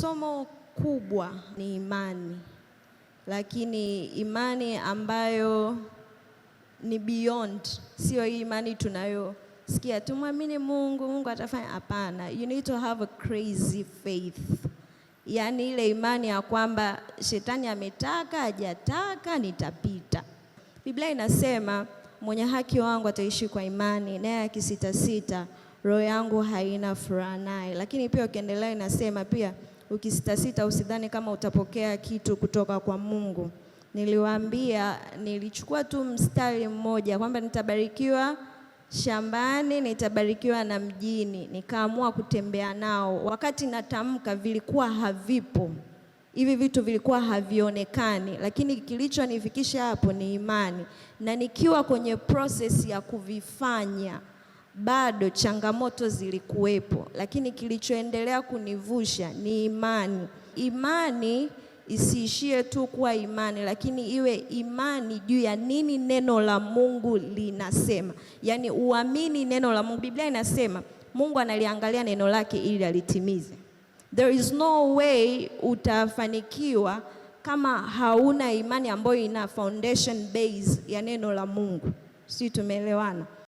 Somo kubwa ni imani, lakini imani ambayo ni beyond, sio hii imani tunayosikia tumwamini Mungu, Mungu atafanya. Hapana, you need to have a crazy faith, yaani ile imani ya kwamba shetani ametaka hajataka, nitapita. Biblia inasema mwenye haki wangu ataishi kwa imani, naye akisitasita roho yangu haina furaha naye. Lakini pia ukiendelea inasema pia ukisitasita usidhani kama utapokea kitu kutoka kwa Mungu. Niliwaambia, nilichukua tu mstari mmoja kwamba nitabarikiwa shambani, nitabarikiwa na mjini, nikaamua kutembea nao. Wakati natamka vilikuwa havipo, hivi vitu vilikuwa havionekani, lakini kilichonifikisha hapo ni imani, na nikiwa kwenye process ya kuvifanya bado changamoto zilikuwepo, lakini kilichoendelea kunivusha ni imani. Imani isiishie tu kuwa imani, lakini iwe imani juu ya nini neno la Mungu linasema, yaani uamini neno la Mungu. Biblia inasema Mungu analiangalia neno lake ili alitimize. There is no way utafanikiwa kama hauna imani ambayo ina foundation base ya neno la Mungu. Si tumeelewana?